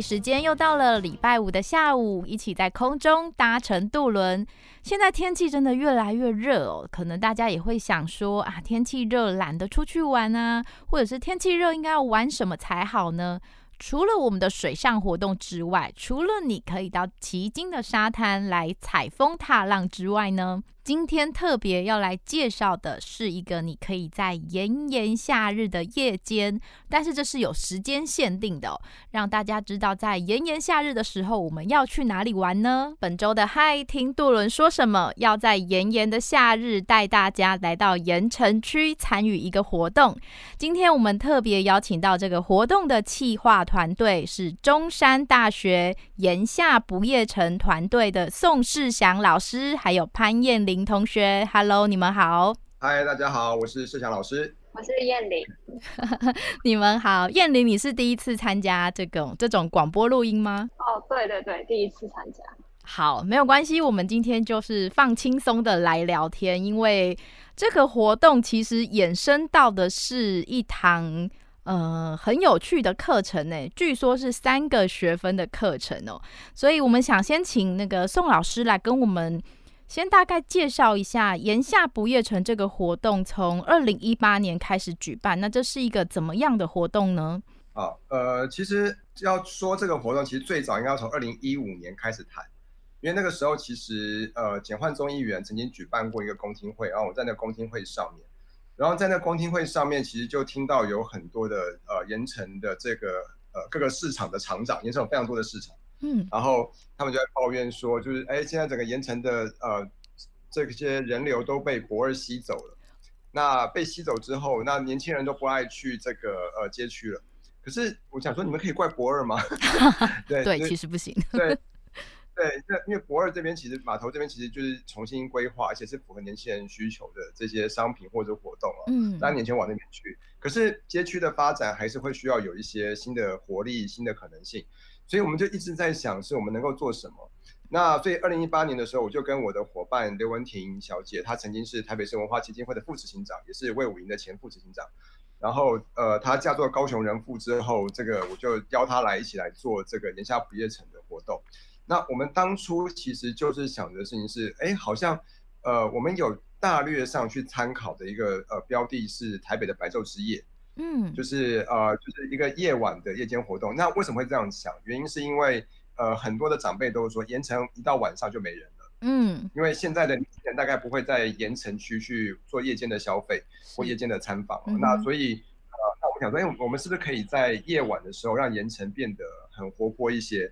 時間又到了禮拜五的下午，一起在空中搭乘渡輪。現在天氣真的越來越熱哦，可能大家也會想說啊，天氣熱懶得出去玩啊，或者是天氣熱應該要玩什麼才好呢？除了我們的水上活動之外，除了你可以到旗津的沙灘來採風踏浪之外呢？今天特別要來介紹的是一個你可以在炎炎夏日的夜間，但是這是有時間限定的。哦，讓大家知道在炎炎夏日的時候我們要去哪裡玩呢？本周的嗨，聽渡輪說什麼，要在炎炎的夏日帶大家來到鹽埕區參與一個活動。今天我們特別邀請到這個活動的企劃團隊，是中山大學鹽夏不夜埕團隊的宋世祥老師，還有潘燕玲。同學，Hello，你們好。Hi，大家好，我是社祥老師。我是燕玲。 你們好，燕玲，你是第一次參加這種這種廣播錄音嗎？哦，oh, 對對對，第一次參加。好，沒有關係，我們今天就是放輕鬆的來聊天，因為這個活動其實衍生到的是一堂嗯、呃，很有趣的課程呢，據說是三個學分的課程哦，所以我們想先請那個宋老師來跟我們。先大概介紹一下“鹽夏不夜埕”這個活動，從二零一八年開始舉辦。那這是一個怎麼樣的活動呢？啊，呃，其實要說這個活動，其實最早應該要從二零一五年開始談，因為那個時候其實呃，簡煥宗議員曾經舉辦過一個公聽會，然後我在那個公聽會上面，然後在那個公聽會上面，其實就聽到有很多的呃，鹽埕的這個呃各個市場的廠長，鹽埕有非常多的市場。嗯，然後他們就在抱怨說，就是哎，現在整個鹽埕的呃，這些人流都被駁二吸走了。那被吸走之後，那年輕人都不愛去這個呃街區了。可是我想說，你們可以怪駁二嗎？對 對，對就其實不行。對 對，那因為駁二這邊其實碼頭這邊其實就是重新規劃，而且是符合年輕人需求的這些商品或者活動啊。嗯，大家年輕人往那邊去。可是街區的發展還是會需要有一些新的活力、新的可能性。所以我們就一直在想，是我們能夠做什麼。那所以二零一八年的時候，我就跟我的夥伴劉文婷小姐，她曾經是台北市文化基金會的副執行長，也是衛武營的前副執行長。然後呃，她嫁做高雄人婦之後，這個我就邀她來一起來做這個鹽夏不夜埕的活動。那我們當初其實就是想的事情是，哎，好像呃，我們有大略上去參考的一個呃標的，是台北的白晝之夜。嗯， 就是呃，就是一個夜晚的夜間活動。那為什麼會這樣想？原因是因為呃，很多的長輩都說，鹽埕一到晚上就沒人了。嗯， 因為現在的年輕人大概不會在鹽埕區去做夜間的消費或夜間的參訪。 那所以呃，那我想說，哎，我們是不是可以在夜晚的時候讓鹽埕變得很活潑一些？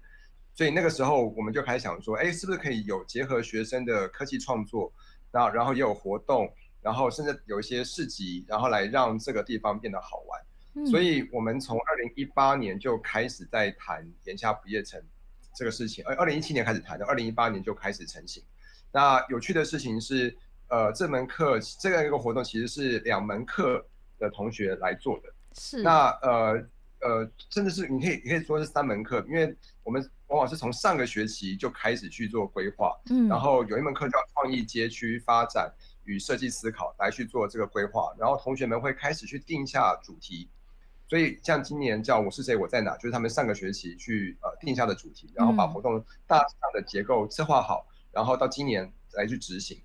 所以那個時候我們就開始想說，哎，是不是可以有結合學生的科技創作，那然後也有活動。然後甚至有一些市集，然後來讓這個地方變得好玩。嗯、所以，我們從二零一八年就開始在談“鹽夏不夜埕”這個事情，而二零一七年開始談的，二零一八年就開始成型。那有趣的事情是，呃，這門課這個一個活動其實是兩門課的同學來做的。是。那呃呃，甚、呃、至是你可以可以說是三門課，因為我們往往是從上個學期就開始去做規劃。嗯。然後有一門課叫創意街區發展。與設計思考來去做這個規劃，然後同學們會開始去定下主題，所以像今年叫“我是誰，我在哪”，就是他們上個學期去呃定下的主題，然後把活動大項的結構策劃好，然後到今年來去執行。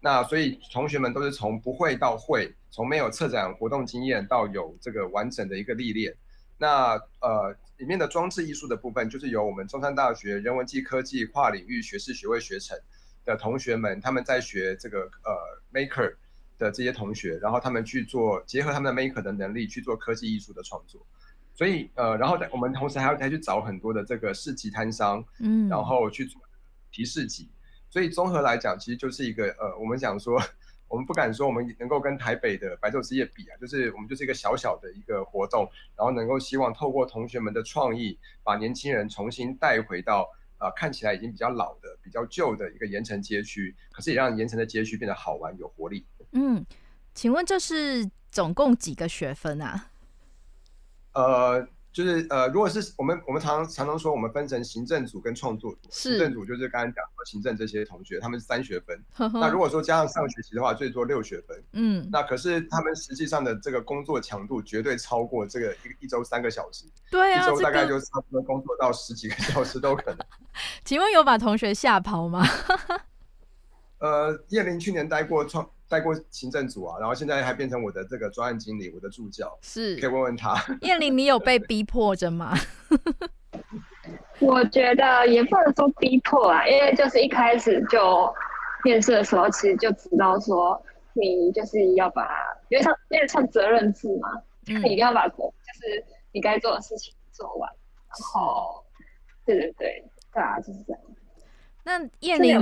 那所以同學們都是從不會到會，從沒有策展活動經驗到有這個完整的一個歷練。那呃裡面的裝置藝術的部分，就是由我們中山大學人文暨科技跨領域學士學位學程。的同學們，他們在學這個呃 maker 的這些同學，然後他們去做結合他們的 maker 的能力去做科技藝術的創作，所以呃，然後我們同時還要再去找很多的這個市集攤商，嗯，然後去提市集，嗯，所以綜合來講，其實就是一個呃，我們想說，我們不敢說我們能夠跟台北的白晝之夜比啊，就是我們就是一個小小的一個活動，然後能夠希望透過同學們的創意，把年輕人重新帶回到。啊、呃，看起來已經比較老的、比較舊的一個鹽埕街區，可是也讓鹽埕的街區變得好玩、有活力。嗯，請問這是總共幾個學分啊？呃。就是呃，如果是我們我們常常常說，我們分成行政組跟創作組。是。行政組就是剛剛講的，行政這些同學他們是三學分，呵呵，那如果說加上上學期的話，最多六學分。嗯。那可是他們實際上的這個工作強度絕對超過這個一一周三個小時，對啊，一周大概就是差不多工作到十幾個小時都可能。這個， 請問有把同學嚇跑嗎？ 呃，葉林去年待過創。帶過行政組啊，然後現在還變成我的這個專案經理，我的助教，是可以問問他。燕玲，你有被逼迫着嗎？ 我覺得也不能說逼迫啊，因為就是一開始就面試的時候，其實就知道說你就是要把，因為上因為上責任制嘛，你、嗯、一定要把就是你該做的事情做完。然後，對對對，對啊，就是這樣。那燕玲，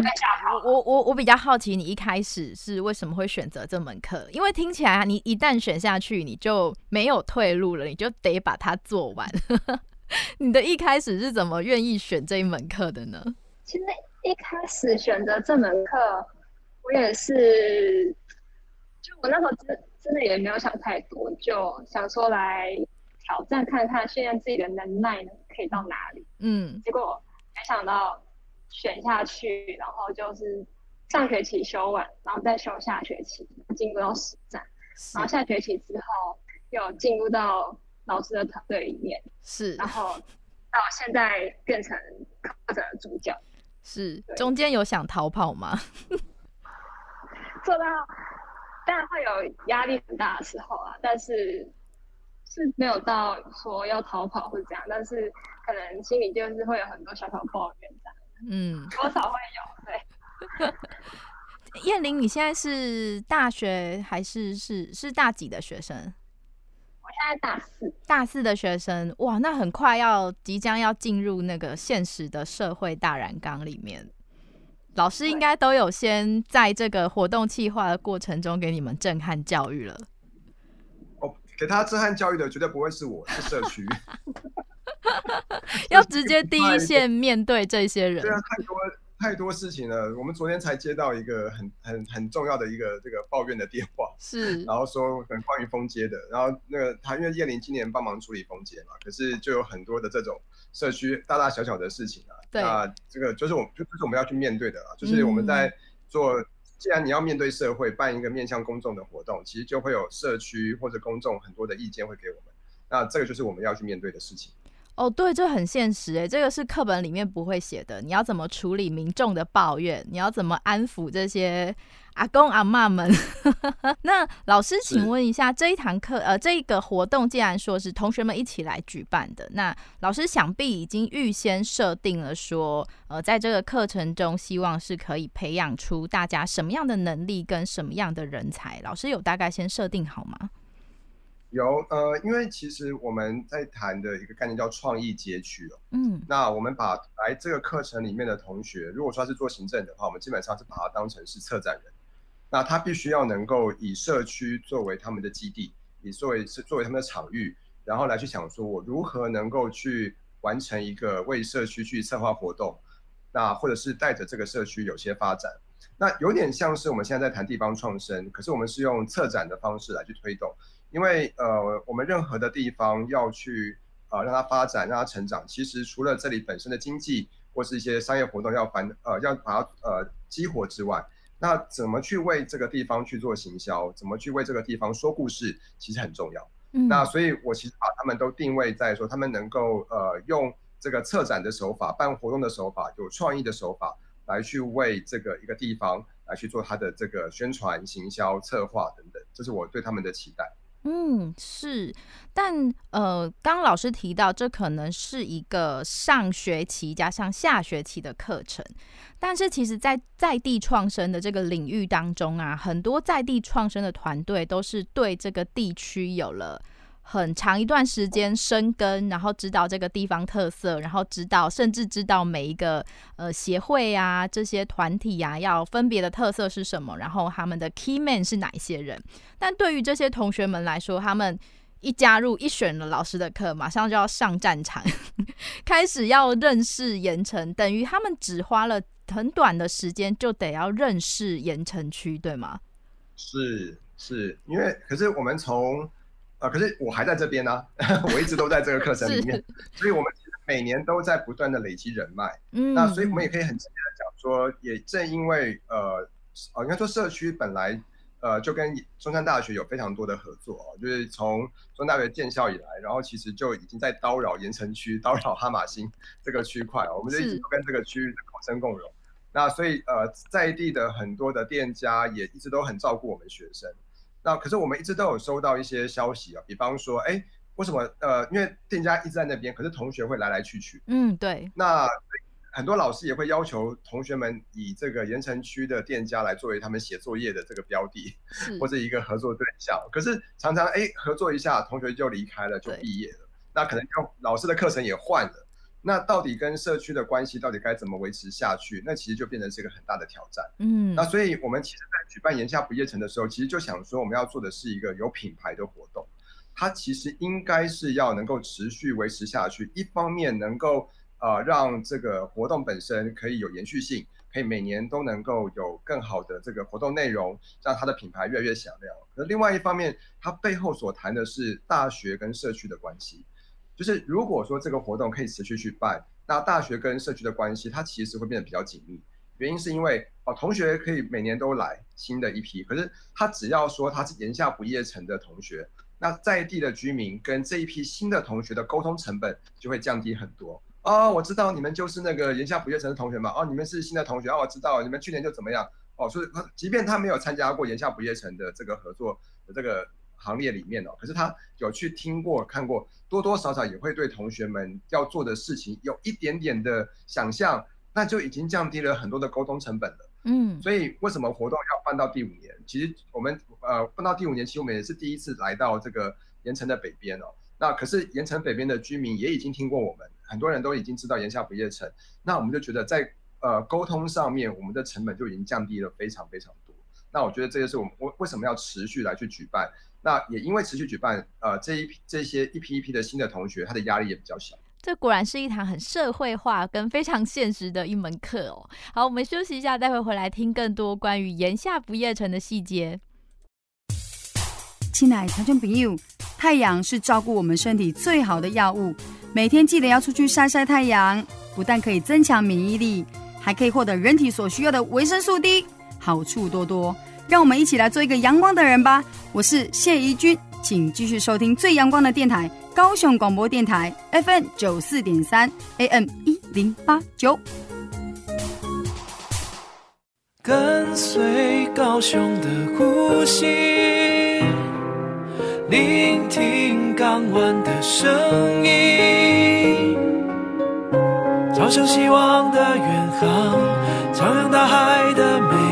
我我我我比較好奇，你一開始是為什麼會選擇這門課？因為聽起來你一旦選下去，你就沒有退路了，你就得把它做完。 你的一開始是怎麼願意選這一門課的呢？其實一開始選擇這門課，我也是，就我那時候真的真的也沒有想太多，就想說來挑戰看看，訓練自己的能耐可以到哪裡？嗯，結果沒想到。選下去，然後就是上學期修完，然後再修下學期，進入到實戰。是然後下學期之後，又進入到老師的團隊裡面。是。然後到現在變成課程的主角。是。對中間有想逃跑嗎？ 做到，當然會有壓力很大的時候啊，但是是沒有到說要逃跑或者這樣，但是可能心裡就是會有很多小小抱怨這樣。嗯，多少會有，對。燕玲，你現在是大學還是是是大幾的學生？我現在大四。大四的學生，哇，那很快要即將要進入那個現實的社會大染缸裡面。老師應該都有先在這個活動企劃的過程中給你們震撼教育了。哦，給他震撼教育的絕對不會是我，是社區。 要直接第一線面對這些人， 對啊，太多太多事情了。我們昨天才接到一個很很很重要的一個這個抱怨的電話，是，然後說很關於封街的，然後那個譚因為林今年幫忙處理封街嘛，可是就有很多的這種社區大大小小的事情啊，對啊，這個就是我就是我們要去面對的啊。就是我們在做，嗯、既然你要面對社會辦一個面向公眾的活動，其實就會有社區或者公眾很多的意見會給我們，那這個就是我們要去面對的事情。哦，對，這很現實誒，這個是課本裡面不會寫的。你要怎麼處理民眾的抱怨？你要怎麼安撫這些阿公阿嬤們？ 那老師，請問一下，是這一堂課呃，這一個活動既然說是同學們一起來舉辦的，那老師想必已經預先設定了說，呃，在這個課程中，希望是可以培養出大家什麼樣的能力跟什麼樣的人才？老師有大概先設定好嗎？有呃，因為其實我們在談的一個概念叫創意街區哦。嗯，那我們把來這個課程裡面的同學，如果說是做行政的話，我們基本上是把他當成是策展人。那他必須要能夠以社區作為他們的基地，以作為是作為他們的場域，然後來去想說，我如何能夠去完成一個為社區去策劃活動，那或者是帶着這個社區有些發展。那有點像是我們現在在談地方創生，可是我們是用策展的方式來去推動。因為呃，我們任何的地方要去呃，讓它發展，讓它成長，其實除了這裡本身的經濟或是一些商業活動要繁呃要把它呃激活之外，那怎麼去為這個地方去做行銷，怎麼去為這個地方說故事，其實很重要。嗯，那所以，我其實把他們都定位在說，他們能夠呃用這個策展的手法、辦活動的手法、有創意的手法來去為這個一個地方來去做它的這個宣傳、行銷、策劃等等，這是我對他們的期待。嗯，是，但呃，剛剛老師提到，這可能是一個上學期加上下學期的課程，但是其實在，在在地創生的這個領域當中啊，很多在地創生的團隊都是對這個地區有了很長一段時間深耕，然後知道這個地方特色，然後知道甚至知道每一個呃協會啊這些團體呀、啊、要分別的特色是什麼，然後他們的 key man 是哪一些人。但對於這些同學們來說，他們一加入一選了老師的課，馬上就要上戰場， 開始要認識鹽埕，等於他們只花了很短的時間就得要認識鹽埕區，對嗎？是，是因為可是我們從。啊，可是我還在這邊呢、啊，我一直都在這個課程裡面， 是 所以我們其實每年都在不斷的累積人脈。嗯，那所以我們也可以很直接的講說，也正因為呃，哦應該說社區本來呃就跟中山大學有非常多的合作、哦，就是從中山大學建校以來，然後其實就已經在叨擾鹽埕區、叨擾哈馬星這個區塊，哦、我們就一直都跟這個區域的考生共融。是 那所以呃，在地的很多的店家也一直都很照顧我們學生。那可是我們一直都有收到一些消息啊、哦，比方說，哎，為什麼？呃，因為店家一直在那邊，可是同學會來來去去。嗯，對。那很多老師也會要求同學們以這個鹽埕區的店家來作為他們寫作業的這個標的，或者一個合作對象。是可是常常哎，合作一下，同學就離開了，就畢業了。對那可能用老師的課程也換了。那到底跟社區的關係到底該怎麼維持下去？那其實就變成是一個很大的挑戰。嗯，那所以我們其實，在舉辦鹽夏不夜埕的時候，其實就想說，我們要做的是一個有品牌的活動，它其實應該是要能夠持續維持下去。一方面能夠呃讓這個活動本身可以有延續性，可以每年都能夠有更好的這個活動內容，讓它的品牌越來越響亮。那另外一方面，它背後所談的是大學跟社區的關係。就是如果說這個活動可以持續去辦，那大學跟社區的關係，它其實會變得比較緊密。原因是因為哦，同學可以每年都來新的一批，可是他只要說他是鹽夏不夜埕的同學，那在地的居民跟這一批新的同學的溝通成本就會降低很多。哦，我知道你們就是那個鹽夏不夜埕的同學嘛。哦，你們是新的同學，哦，我知道你們去年就怎麼樣。哦，所以即便他沒有參加過鹽夏不夜埕的這個合作的這個。行列裡面哦，可是他有去聽過、看過，多多少少也會對同學們要做的事情有一點點的想象，那就已經降低了很多的溝通成本了。嗯，所以為什麼活動要辦到第五年？其實我們呃辦到第五年，其實我們也是第一次來到這個鹽埕的北邊哦。那可是鹽埕北邊的居民也已經聽過我們，很多人都已經知道“鹽夏不夜埕”。那我們就覺得在呃溝通上面，我們的成本就已經降低了非常非常多。那我覺得這個是我們為為什麼要持續來去舉辦。那也因為持續舉辦，呃，這一這一些一批一批的新的同學，他的壓力也比較小。這果然是一堂很社會化跟非常現實的一門課哦。好，我們休息一下，待會回來聽更多關於鹽夏不夜埕的細節。親愛，長春朋友，太陽是照顧我們身體最好的藥物，每天記得要出去曬曬太陽，不但可以增強免疫力，還可以獲得人體所需要的維生素 D，好處多多。讓我們一起來做一個陽光的人吧！我是謝怡君，請繼續收聽最陽光的電台——高雄廣播電臺 FM 九四點三 AM 一零八九，跟隨高雄的呼吸，聆聽港灣的聲音，朝向希望的遠航，徜徉大海的美。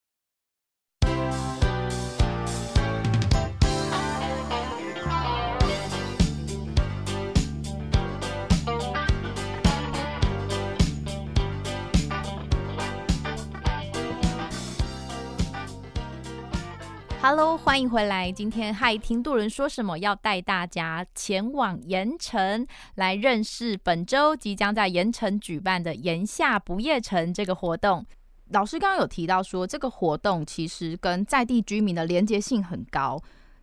哈嘍，Hello, 歡迎回來。今天嗨，聽渡輪說什麼要帶大家前往鹽埕來認識本周即將在鹽埕舉辦的鹽夏不夜埕這個活動。老師剛剛有提到說，這個活動其實跟在地居民的連接性很高。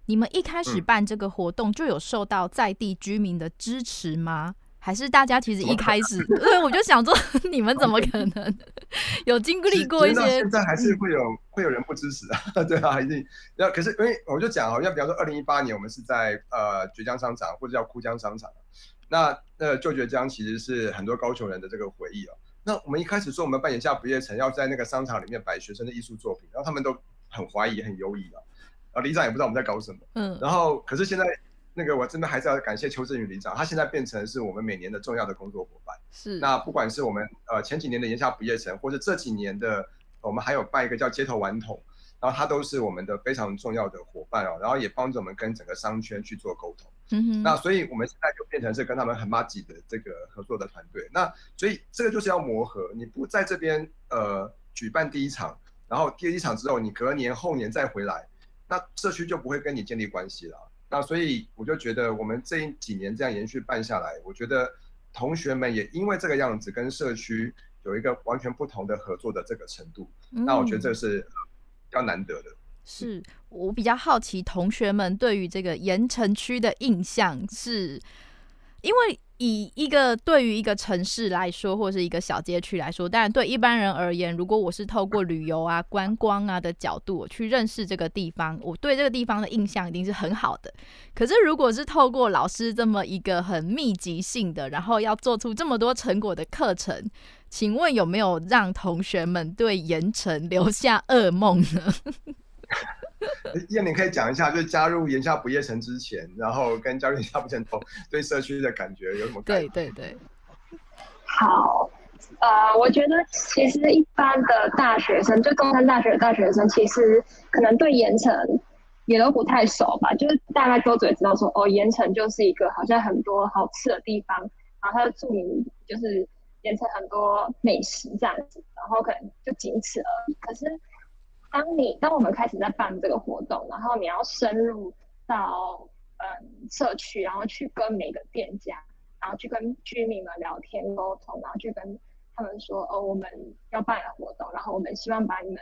你們一開始辦這個活動就有受到在地居民的支持嗎？嗯還是大家其實一開始，我就想說 你們怎麼可能有經歷過一些？但在還是會有會有人不支持啊？對啊，還是那可是因為我就講好像比方說二零一八年，我們是在呃絕江商場或者叫枯江商場，那呃就絕江其實是很多高雄人的這個回憶啊。那我們一開始說我們辦鹽夏不夜埕，要在那個商場裡面擺學生的藝術作品，然後他們都很懷疑、很猶豫啊。啊，理事長也不知道我們在搞什麼。嗯。然後可是現在。那個我真的還是要感謝邱振宇理事長，他現在變成是我們每年的重要的工作夥伴。是。那不管是我們呃前幾年的鹽夏不夜埕，或者這幾年的，我們還有辦一個叫街頭頑童，然後他都是我們的非常重要的夥伴哦，然後也幫着我們跟整個商圈去做溝通。嗯哼。那所以我們現在就變成是跟他們很密集的這個合作的團隊。那所以這個就是要磨合，你不在這邊呃舉辦第一場，然後第一場之後，你隔年後年再回來，那社區就不會跟你建立關係了。那所以我就覺得，我們這幾年這樣延續辦下來，我覺得同學們也因為這個樣子，跟社區有一個完全不同的合作的這個程度，那我覺得這是比較難得的。嗯、是我比較好奇同學們對於這個鹽埕區的印象是，因為。以一個對於一個城市來說，或者是一個小街區來說，但對一般人而言，如果我是透過旅遊啊、觀光啊的角度，我去認識這個地方，我對這個地方的印象一定是很好的。可是如果是透過老師這麼一個很密集性的，然後要做出這麼多成果的課程，請問有沒有讓同學們對鹽埕留下噩夢呢？ 燕你可以講一下，就是加入鹽夏不夜埕之前，然後跟加入鹽夏不夜埕對社區的感覺有什麼感覺，對？對對對，好，呃，我覺得其實一般的大學生，就中山大學的大學生，其實可能對鹽埕也都不太熟吧，就是大概都只知道說，哦，鹽埕就是一個好像很多好吃的地方，然後它的著名就是鹽埕很多美食這樣子，然後可能就僅此而已。可是當你當我們開始在辦這個活動，然後你要深入到嗯、呃、社區，然後去跟每個店家，然後去跟居民們聊天溝通，然後去跟他們說，哦，我們要辦的活動，然後我們希望把你們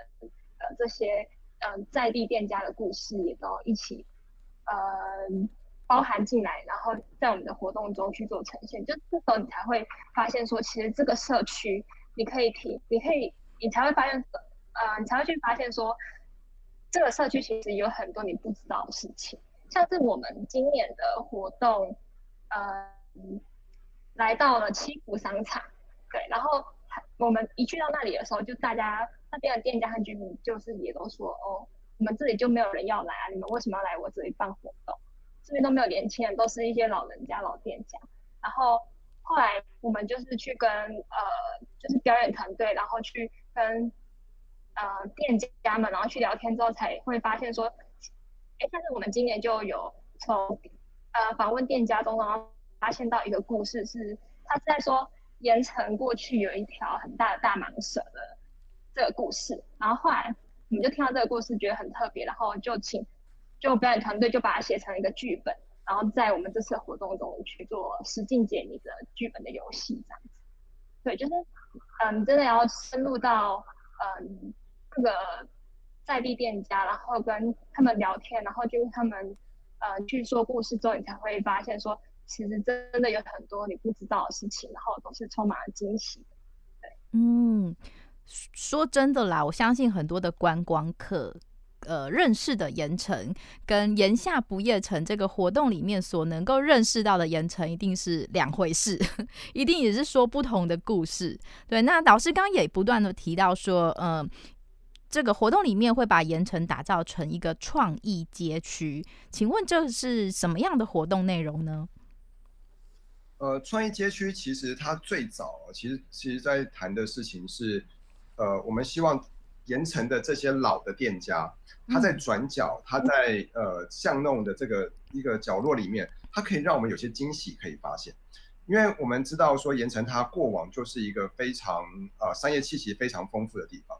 呃這些呃在地店家的故事也都一起呃包含進來，然後在我們的活動中去做呈現。就這時候你才會發現說，其實這個社區你可以提，你可以，你才會發現。呃，你才會去發現說，這個社區其實有很多你不知道的事情，像是我們今年的活動，呃，來到了七福商場，對，然後我們一去到那裡的時候，就大家那邊的店家和居民就是也都說，哦，我們這裡就沒有人要來啊，你們為什麼要來我這裡辦活動？這邊都沒有年輕人，都是一些老人家、老店家。然後後來我們就是去跟呃，就是表演團隊，然後去跟。呃，店家們，然後去聊天之後才會發現說，哎，但是我們今年就有從呃訪問店家中，然後發現到一個故事是，是他是在說鹽埕過去有一條很大的大蟒蛇的這個故事，然後後來我們就聽到這個故事覺得很特別，然後就請就表演團隊就把它寫成一個劇本，然後在我們這次活動中去做實境解謎的劇本的遊戲這樣子，對，就是嗯，真的要深入到嗯。這個在地店家，然後跟他們聊天，然後就他們呃去說故事之後，你才會發現說，其實真的有很多你不知道的事情，然後都是充滿了驚喜。對，嗯，說真的啦，我相信很多的觀光客，呃，認識的鹽埕跟鹽夏不夜埕這個活動裡面所能夠認識到的鹽埕，一定是兩回事，一定也是說不同的故事。對，那老師剛剛也不斷的提到說，嗯、呃。這個活動裡面會把鹽埕打造成一個創意街區，請問這是什麼樣的活動內容呢？呃，創意街區其實它最早其實其實在談的事情是，呃，我們希望鹽埕的這些老的店家，它在轉角，它、嗯、在呃巷弄的這個一個角落裡面，它可以讓我們有些驚喜可以發現，因為我們知道說鹽埕它過往就是一個非常呃商業氣息非常豐富的地方。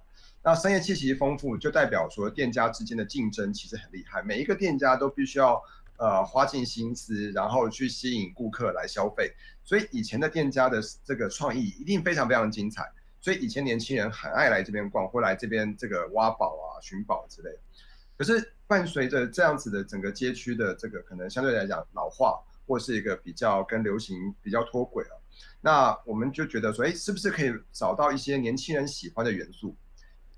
那商業氣息豐富，就代表說店家之間的競爭其實很厲害，每一個店家都必須要呃花盡心思，然後去吸引顧客來消費。所以以前的店家的這個創意一定非常非常精彩。所以以前年輕人很愛來這邊逛，或來這邊這個挖寶啊、尋寶之類的。可是伴隨着這樣子的整個街區的這個可能相對來講老化，或是一個比較跟流行比較脫軌啊。那我們就覺得說，誒、欸，是不是可以找到一些年輕人喜歡的元素？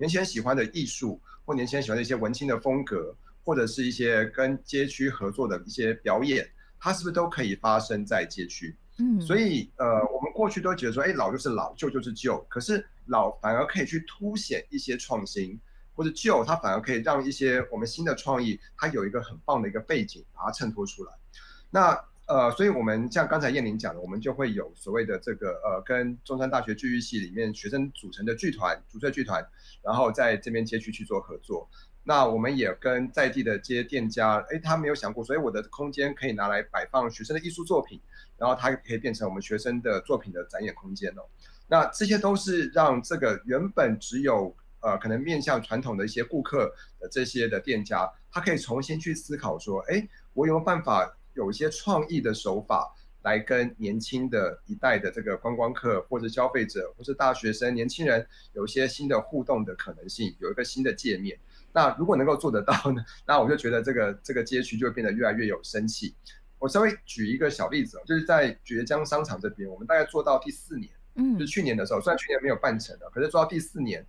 年輕人喜歡的藝術，或年輕人喜歡的一些文青的風格，或者是一些跟街區合作的一些表演，它是不是都可以發生在街區？嗯，所以呃，我們過去都覺得說，哎、欸，老就是老，舊就是舊，可是老反而可以去凸顯一些創新，或者舊它反而可以讓一些我們新的創意，它有一個很棒的一個背景把它襯托出來。那呃，所以，我們像剛才燕玲講的，我們就會有所謂的這個，呃，跟中山大學劇藝系裡面學生組成的劇團，主成劇團，然後在這邊街區去做合作。那我們也跟在地的這些店家，哎，他沒有想過，所以我的空間可以拿來擺放學生的藝術作品，然後它可以變成我們學生的作品的展演空間哦。那這些都是讓這個原本只有呃，可能面向傳統的一些顧客的這些的店家，他可以重新去思考說，哎，我有沒有辦法，有一些創意的手法來跟年輕的一代的這個觀光客或者消費者或是大學生、年輕人有一些新的互動的可能性，有一個新的界面。那如果能夠做得到呢，那我就覺得這個這個街區就會變得越來越有生氣。我稍微舉一個小例子，就是在堀江商場這邊，我們大概做到第四年，嗯，就去年的時候，雖然去年沒有辦成了，可是做到第四年，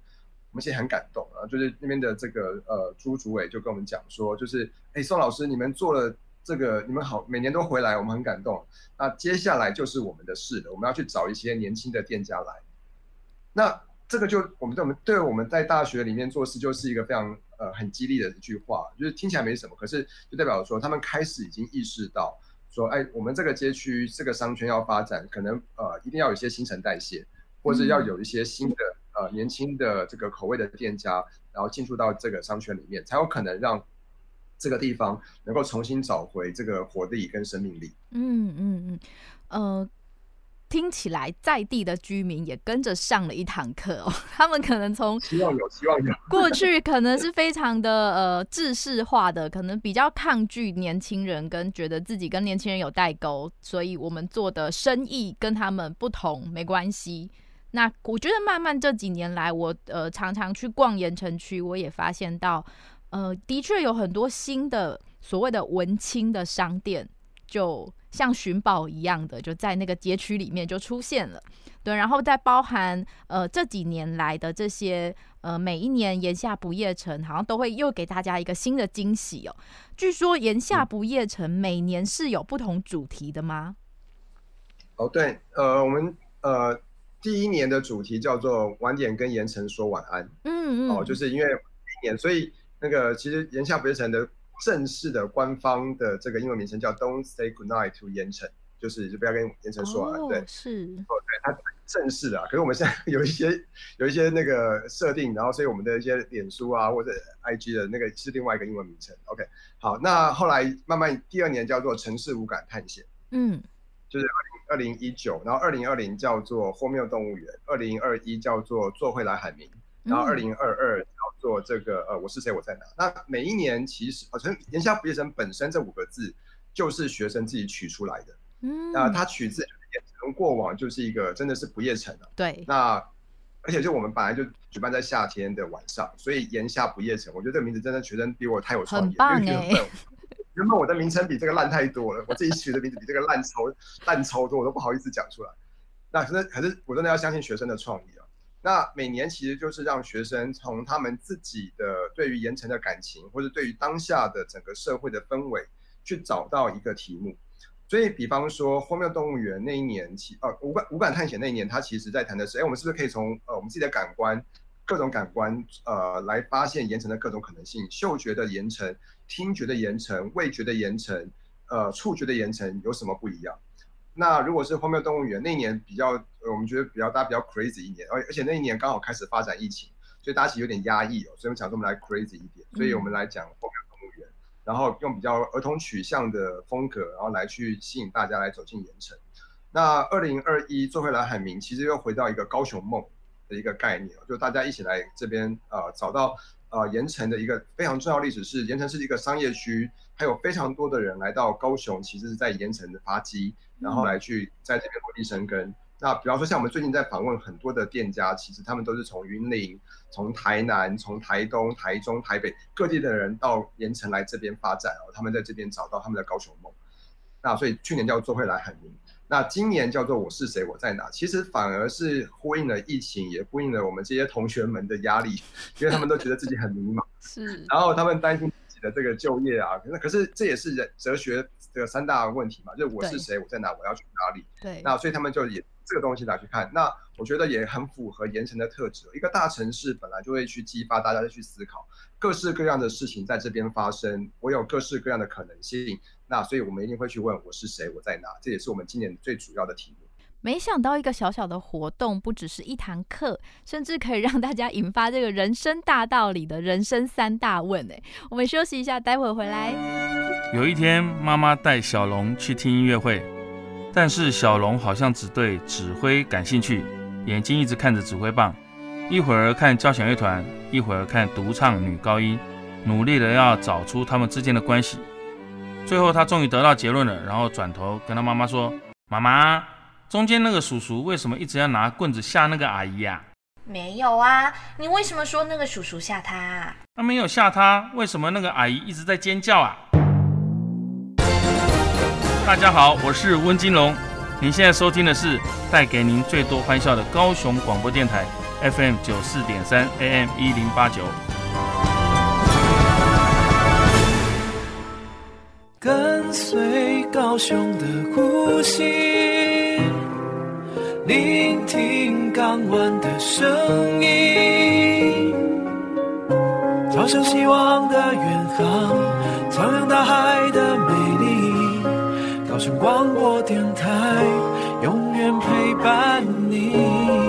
我們現在很感動啊。就是那邊的這個呃朱主委就跟我們講說，就是哎宋老師，你們做了。這個你們好，每年都回來，我們很感動。那接下來就是我們的事了，我們要去找一些年輕的店家來。那這個就我們對我們對我們在大學裡面做事，就是一個非常呃很激勵的一句話，就是聽起來沒什麼，可是就代表說他們開始已經意識到說，哎，我們這個街區這個商圈要發展，可能呃一定要有一些新陳代謝，或者要有一些新的呃年輕的這個口味的店家，然後進入到這個商圈裡面，才有可能讓。這個地方能夠重新找回這個活力跟生命力。嗯嗯嗯，呃，聽起來在地的居民也跟着上了一堂課哦。他們可能從希望有，希望有。 過去可能是非常的呃，制式化的，可能比較抗拒年輕人，跟覺得自己跟年輕人有代溝，所以我們做的生意跟他們不同沒關係。那我覺得慢慢這幾年來，我呃常常去逛鹽埕區，我也發現到。呃，的確有很多新的所謂的文青的商店，就像尋寶一樣的，就在那個街區裡面就出現了。對，然後再包含呃這幾年來的這些呃每一年鹽夏不夜埕好像都會又給大家一個新的驚喜哦、喔。據說鹽夏不夜埕每年是有不同主題的嗎？嗯、哦，對，呃，我們呃第一年的主題叫做晚點跟鹽埕說晚安。嗯嗯，嗯哦，就是因為一年所以。那個其實鹽夏不夜埕的正式的官方的這個英文名稱叫 Don't say good night to 鹽埕，就是就不要跟鹽埕說啊，oh, 對，是哦，對，它正式的、啊，可是我們現在有一些有一些那個設定，然後所以我們的一些臉書啊或者 IG 的那個是另外一個英文名稱，OK，好，那後來慢慢第二年叫做城市五感探險，嗯，就是二零二零一九，然後二零二零叫做荒謬動物園，二零二一叫做做會來海明，然後二零二二，做這個呃，我是誰，我在哪兒？那每一年其實呃，從“鹽夏不夜埕”本身這五個字，就是學生自己取出來的。嗯，啊，他取自鹽埕過往，就是一個真的是不夜城啊。對。那而且就我們本來就舉辦在夏天的晚上，所以“鹽夏不夜埕”，我覺得這個名字真的學生比我太有創意了。很棒欸。因為原本我的名稱比這個爛太多了，我自己取的名字比這個爛超爛 超多，我都不好意思講出來。那可是可是我真的要相信學生的創意啊。那每年其實就是讓學生從他們自己的對於鹽埕的感情，或者對於當下的整個社會的氛圍，去找到一個題目。所以，比方說《荒謬動物園》那一年，起，呃《五感五感探險》那一年，他其實在談的是：哎，我們是不是可以從呃我們自己的感官，各種感官呃來發現鹽埕的各種可能性？嗅覺的鹽埕、聽覺的鹽埕、味覺的鹽埕、呃觸覺的鹽埕有什麼不一樣？那如果是荒謬動物園那一年比較，呃，我們覺得比較大家比較 crazy 一年，而而且那一年剛好開始發展疫情，所以大家其實有點壓抑哦，所以我們想說我們來 crazy 一點，所以我們來講荒謬動物園，嗯、然後用比較兒童取向的風格，然後來去吸引大家來走進鹽埕。那二零二一做回來海明，其實又回到一個高雄夢的一個概念哦，就大家一起來這邊呃找到。呃，鹽埕的一個非常重要的歷史是，鹽埕是一個商業區，還有非常多的人來到高雄，其實是在鹽埕的發跡，然後來去在這邊落地生根。嗯、那比方說，像我們最近在訪問很多的店家，其實他們都是從雲林、從台南、從台東、台中、台北各地的人到鹽埕來這邊發展，哦，他們在這邊找到他們的高雄夢。那所以去年叫做會來海鳴。那今年叫做我是誰，我在哪？其實反而是呼應了疫情，也呼應了我們這些同學們的壓力，因為他們都覺得自己很迷茫， 是、啊。然後他們擔心自己的這個就業啊，那可是這也是人哲學的三大問題嘛，就是我是誰，我在哪，對我要去哪裡？對。那所以他們就也這個東西拿去看，那我覺得也很符合鹽埕的特質，一個大城市本來就會去激發大家的去思考。各式各樣的事情在這邊發生，我有各式各樣的可能性。那所以，我們一定會去問我是誰，我在哪。這也是我們今年最主要的題目。沒想到一個小小的活動，不只是一堂課，甚至可以讓大家引發這個人生大道理的人生三大問。誒，我們休息一下，待會兒回來。有一天，媽媽帶小龍去聽音樂會，但是小龍好像只對指揮感興趣，眼睛一直看着指揮棒。一會兒看交響樂團，一會兒看獨唱女高音，努力的要找出他們之間的關係。最後他終於得到結論了，然後轉頭跟他媽媽說：“嗯、媽媽，中間那個叔叔為什麼一直要拿棍子嚇那個阿姨啊？”“沒有啊，你為什麼說那個叔叔嚇她？”“他、啊、沒有嚇她，為什麼那個阿姨一直在尖叫啊？”嗯、大家好，我是溫金龍，您現在收聽的是帶給您最多歡笑的高雄廣播電台。FM 九四點三，AM 一零八九。跟隨高雄的呼吸，聆聽港灣的聲音，朝向希望的遠航，徜徉大海的美麗。高雄廣播電台，永遠陪伴你。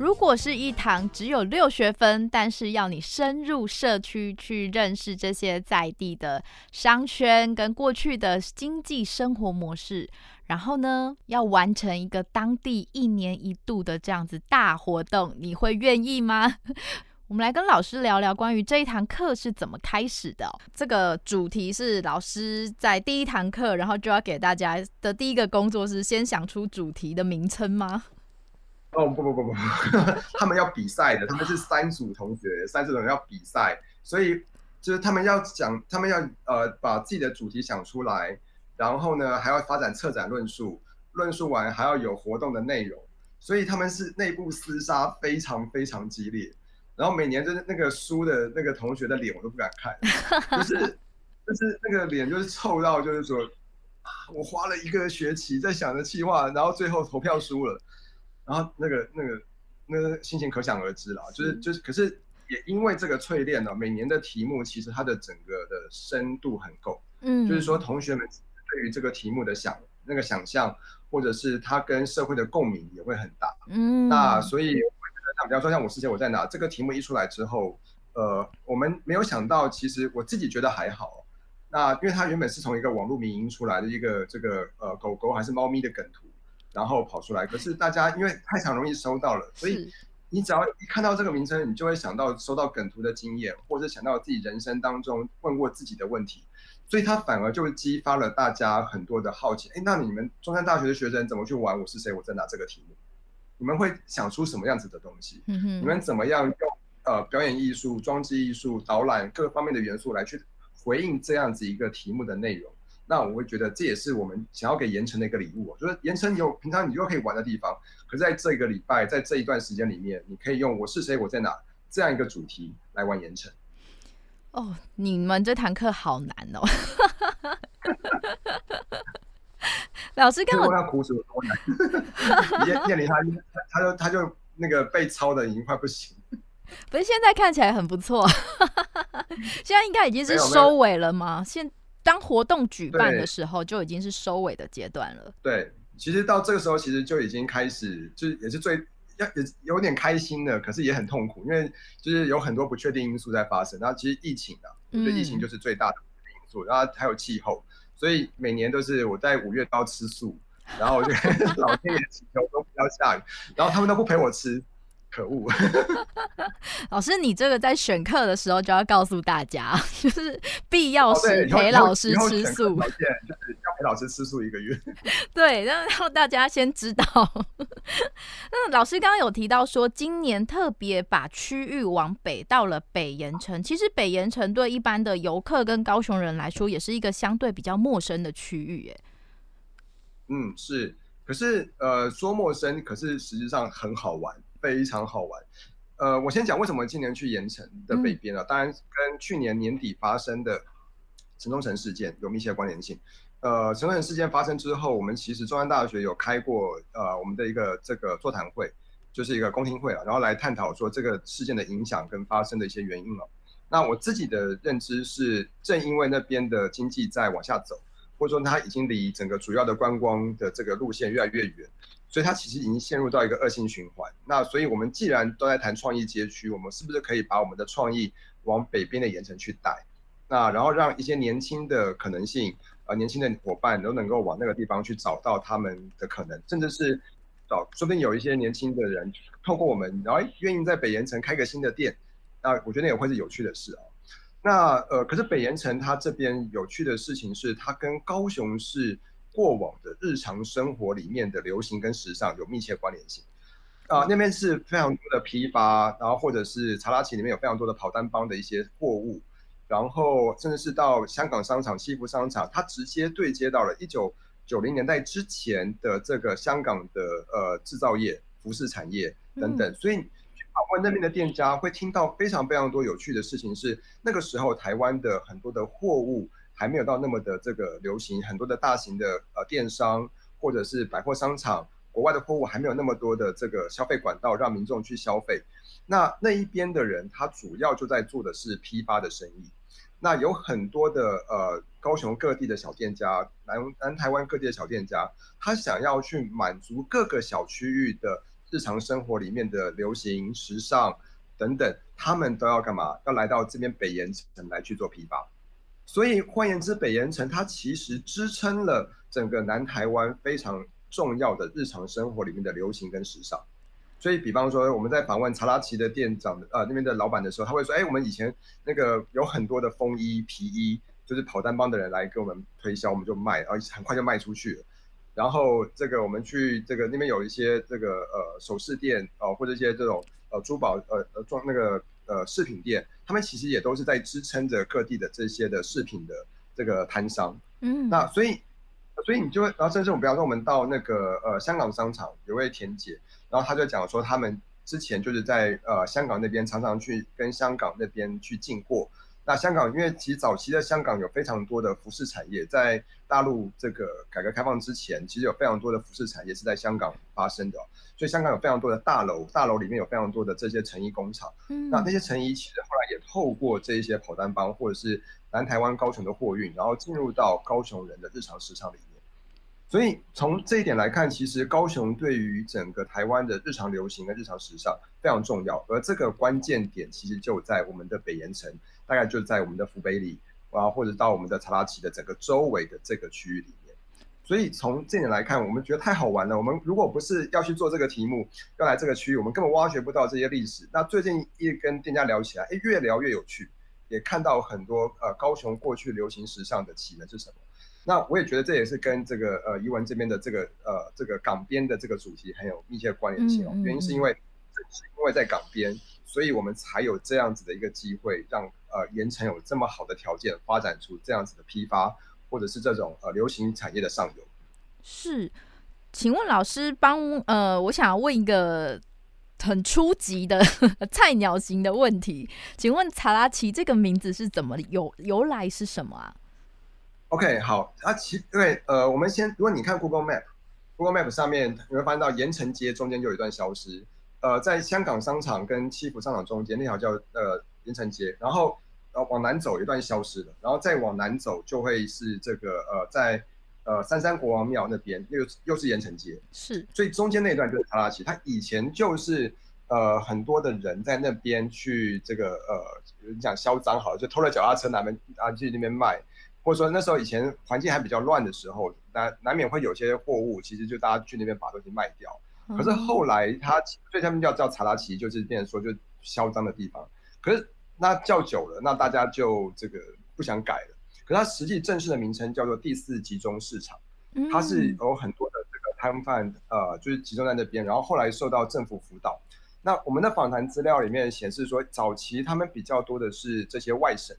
如果是一堂只有六學分，但是要你深入社區去認識這些在地的商圈跟過去的經濟生活模式，然後呢，要完成一個當地一年一度的這樣子大活動，你會願意嗎？ 我們來跟老師聊聊關於這一堂課是怎麼開始的。這個主題是老師在第一堂課，然後就要給大家的第一個工作是先想出主題的名稱嗎？哦、oh, 不不不不，他們要比賽的，他們是三組同學，三組同學要比賽，所以就是他們要講，他們要呃把自己的主題想出來，然後呢還要發展策展論述，論述完還要有活動的內容，所以他們是內部廝殺非常非常激烈，然後每年就是那個輸的那個同學的臉我都不敢看，就是就是那個臉就是臭到就是說、啊，我花了一個學期在想着企劃，然後最後投票輸了。然後那個那個那個心情可想而知了，嗯、就是就是，可是也因為這個淬鍊呢、啊，每年的題目其實它的整個的深度很夠，嗯，就是說同學們對於這個題目的想那個想象，或者是它跟社會的共鳴也會很大，嗯，那所以像比方說像我之前我在哪這個題目一出來之後，呃，我們沒有想到，其實我自己覺得還好，那因為它原本是從一個網絡迷因出來的一個這個呃狗狗還是貓咪的梗圖。然後跑出來，可是大家因為太常容易收到了，是所以你只要一看到這個名稱，你就會想到收到梗圖的經驗，或者想到自己人生當中問過自己的問題，所以它反而就激發了大家很多的好奇。哎，那你們中山大學的學生怎麼去玩？我是誰？我在哪這個題目，你們會想出什麼樣子的東西？嗯、哼你們怎麼樣用呃表演藝術、裝置藝術、導覽各方面的元素來去回應這樣子一個題目的內容？那我會覺得這也是我們想要給鹽埕的一個禮物，啊。就是鹽埕有平常你就可以玩的地方，可是在這個禮拜，在這一段時間裡面，你可以用“我是誰，我在哪”這樣一個主題來玩鹽埕。哦，你們這堂課好難哦！ 老師看要苦主多難，店店裡他他說他就那個被抄的已經快不行。不是現在看起來很不錯， 現在應該已經是收尾了嗎？現當活動舉辦的時候，就已經是收尾的階段了對。對，其實到這個時候，其實就已經開始，就是也是最要也，也有點開心的，可是也很痛苦，因為就是有很多不確定因素在發生。那其實疫情啊，對、就是、疫情就是最大的因素，嗯、然後還有氣候，所以每年都是我在五月都要吃素，然後就 老天爺祈求都不要下雨，然後他們都不陪我吃。 可惡！ 老師，你這個在選課的時候就要告訴大家，就是必要時陪老師吃素，哦、要陪老師吃素一個月。 對，讓大家先知道。 那老師剛剛有提到說，今年特別把區域往北到了北鹽埕。其實北鹽埕對一般的遊客跟高雄人來說，也是一個相對比較陌生的區域耶。嗯，是，可是呃，說陌生，可是實際上很好玩。非常好玩，呃，我先講為什麼今年去鹽埕的北邊啊，嗯、當然，跟去年年底發生的城中城事件有密切關聯性。呃，城中城事件發生之後，我們其實中山大學有開過呃我們的一個這個座談會，就是一個公聽會啊，然後來探討說這個事件的影響跟發生的一些原因哦、啊，那我自己的認知是，正因為那邊的經濟在往下走，或者說它已經離整個主要的觀光的這個路線越來越遠。所以它其實已經陷入到一個惡性循環。那所以，我們既然都在談創意街區，我們是不是可以把我們的創意往北邊的鹽埕去帶？那然後讓一些年輕的可能性，呃年輕的夥伴都能夠往那個地方去找到他們的可能，甚至是找，說不定有一些年輕的人透過我們，然後，願意在北鹽埕開個新的店。那我覺得也會是有趣的事啊。那呃，可是北鹽埕它這邊有趣的事情是，它跟高雄市。過往的日常生活裡面的流行跟時尚有密切關聯性，啊，那邊是非常多的批發，然後或者是查拉奇裡面有非常多的跑單幫的一些貨物，然後甚至是到香港商場、西服商場，它直接對接到了一九九零年代之前的這個香港的呃製造業、服飾產業等等，所以去訪問那邊的店家會聽到非常非常多有趣的事情，是那個時候台灣的很多的貨物。還沒有到那麼的這個流行，很多的大型的呃電商或者是百貨商場，國外的貨物還沒有那麼多的這個消費管道讓民眾去消費。那那一邊的人，他主要就在做的是批發的生意。那有很多的呃高雄各地的小店家，南南台灣各地的小店家，他想要去滿足各個小區域的日常生活裡面的流行時尚等等，他們都要幹嘛？要來到這邊北鹽埕來去做批發。所以換言之，北岩城，它其實支撐了整個南台灣非常重要的日常生活裡面的流行跟時尚。所以，比方說我們在訪問查拉奇的店長，呃，那邊的老闆的時候，他會說：“哎、欸，我們以前那個有很多的風衣、皮衣，就是跑單幫的人來給我們推銷，我們就賣，而且很快就賣出去，然後這個我們去這個那邊有一些這個呃首飾店哦、呃，或者一些這種呃珠寶呃呃裝那個。”呃，飾品店，他們其實也都是在支撐着各地的這些的飾品的這個攤商，嗯，那所以，所以你就會，然後甚至我們，比方說我們到那個呃香港商場，有位田姐，然後她就講說，他們之前就是在呃香港那邊常常去跟香港那邊去進貨。那香港，因為其實早期在香港有非常多的服飾產業，在大陸這個改革開放之前，其實有非常多的服飾產業是在香港發生的，所以香港有非常多的大樓，大樓裡面有非常多的這些成衣工廠。那那些成衣其實後來也透過這些跑單幫，或者是南台灣高雄的貨運，然後進入到高雄人的日常市場裡面。所以從這一點來看，其實高雄對於整個台灣的日常流行跟日常時尚非常重要。而這個關鍵點其實就在我們的北鹽埕，大概就在我們的福北里啊，或者到我們的查拉奇的整個周圍的這個區域裡面。所以從這點來看，我們覺得太好玩了。我們如果不是要去做這個題目，要來這個區域，我們根本挖掘不到這些歷史。那最近也跟店家聊起來，哎，越聊越有趣，也看到很多呃高雄過去流行時尚的起源是什麼。那我也覺得這也是跟這個呃余文這邊的這個呃這個港邊的這個主題很有密切的關聯性哦。嗯嗯嗯、原因是因為，因為，在港邊，所以我們才有這樣子的一個機會讓，讓呃鹽埕有這麼好的條件，發展出這樣子的批發，或者是這種呃流行產業的上游。是，請問老師幫呃，我想要問一個很初級的呵呵菜鳥型的問題，請問查拉奇這個名字是怎麼由由來是什麼啊？OK，好，啊，其對，okay, 呃，我們先，如果你看 Go Map, Google Map，Google Map 上面你會發現到鹽埕街中間就有一段消失，呃，在香港商場跟七福商場中間那條叫呃鹽埕街，然後呃往南走一段消失了，然後再往南走就會是這個呃在呃三山國王廟那邊又又是鹽埕街，是，所以中間那段就是卡拉奇，它以前就是呃很多的人在那邊去這個呃你講銷贓好了，就偷了腳踏車拿來啊去那邊賣。或者說那時候以前環境還比較亂的時候，難難免會有些貨物，其實就大家去那邊把東西賣掉。可是後來他所以他們叫叫查拉奇，就是變成說就囂張的地方。可是那叫久了，那大家就這個不想改了。可是它實際正式的名稱叫做第四集中市場，它是有很多的這個攤販呃，就是集中在那邊。然後後來受到政府輔導，那我們的訪談資料裡面顯示說，早期他們比較多的是這些外省。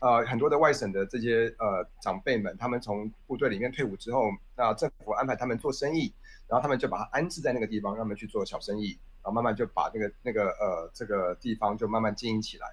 呃，很多的外省的這些呃長輩們，他們從部隊裡面退伍之後，那政府安排他們做生意，然後他們就把它安置在那個地方，讓他們去做小生意，然後慢慢就把那個那個呃這個地方就慢慢經營起來。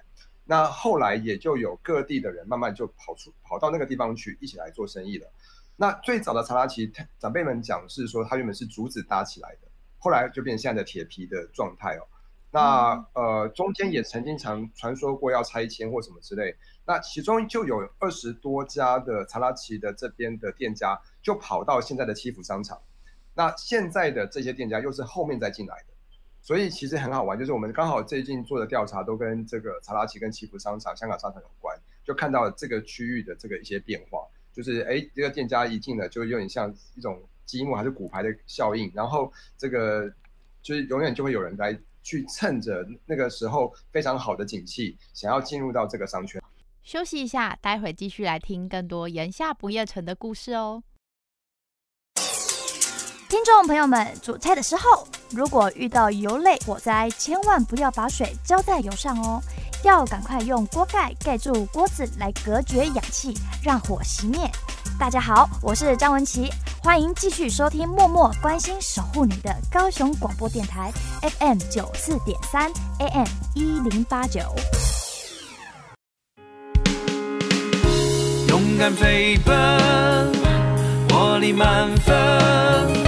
那後來也就有各地的人慢慢就跑出跑到那個地方去一起來做生意了。那最早的查拉奇，他長輩們講是說他原本是竹子搭起來的，後來就變成現在的鐵皮的狀態哦。那呃中間也曾經常傳說過要拆遷或什麼之類。那其中就有二十多家的查拉奇的這邊的店家，就跑到現在的七福商場。那現在的這些店家又是後面再進來的，所以其實很好玩，就是我們剛好最近做的調查都跟這個查拉奇跟七福商場、香港商場有關，就看到這個區域的這個一些變化，就是誒、欸，這個店家一進來就有點像一種積木還是骨牌的效應，然後這個就是永遠就會有人來去趁着那個時候非常好的景氣，想要進入到這個商圈。休息一下，待會繼續來聽更多鹽夏不夜埕的故事哦。聽眾朋友們，煮菜的時候，如果遇到油類火災，千萬不要把水澆在油上哦，要趕快用鍋蓋蓋住鍋子來隔絕氧氣，讓火熄滅。大家好，我是張文琪，歡迎繼續收聽默默關心守護你的高雄廣播電台 FM 九四點三 AM 一零八九。敢飛奔，活力滿分。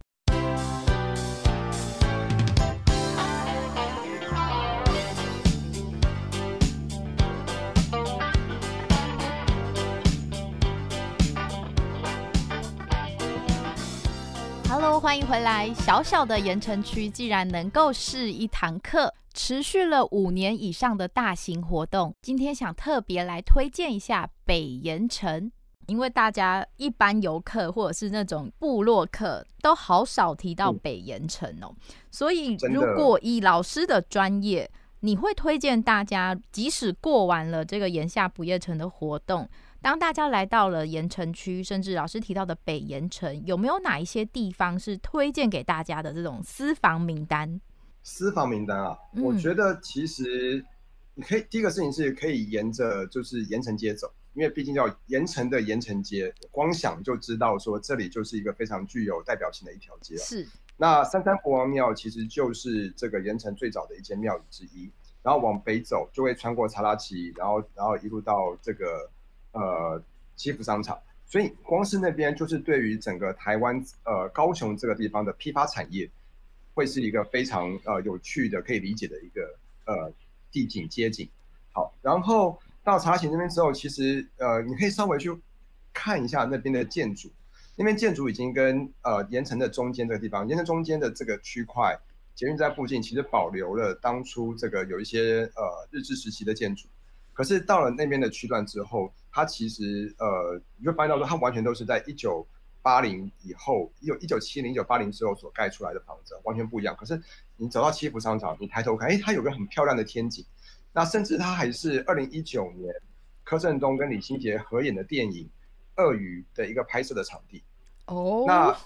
歡迎回來。小小的鹽埕區，既然能夠是一堂課，持續了五年以上的大型活動，今天想特別來推薦一下北鹽埕，因為大家一般遊客或者是那種部落客都好少提到北鹽埕哦。嗯、所以，如果以老師的專業，你會推薦大家，即使過完了這個鹽夏不夜埕的活動。當大家來到了鹽埕區，甚至老師提到的北鹽埕，有沒有哪一些地方是推薦給大家的這種私房名單？私房名單啊，嗯、我覺得其實你可以第一個事情是可以沿着就是鹽埕街走，因為畢竟叫鹽埕的鹽埕街，光想就知道說這裡就是一個非常具有代表性的一條街。是。那三山國王廟其實就是這個鹽埕最早的一間廟宇之一，然後往北走就會穿過查拉奇，然後然後一路到這個。呃，積福商場，所以光是那邊就是對於整個台灣呃高雄這個地方的批發產業，會是一個非常呃有趣的可以理解的一個呃地景街景。好，然後到茶行那邊之後，其實呃你可以稍微去看一下那邊的建築，那邊建築已經跟呃鹽埕的中間這個地方，鹽埕中間的這個區塊，捷運在附近，其實保留了當初這個有一些呃日治時期的建築。可是到了那邊的區段之後，它其實呃，你會發現到說，它完全都是在一九八零以後，一九一九七零一九八零之後所蓋出來的房子，完全不一樣。可是你走到七福商場，你抬頭看，哎、欸，它有個很漂亮的天井，那甚至它還是二零一九年柯震東跟李心潔合演的電影《鱷魚》的一個拍攝的場地哦，oh. 那非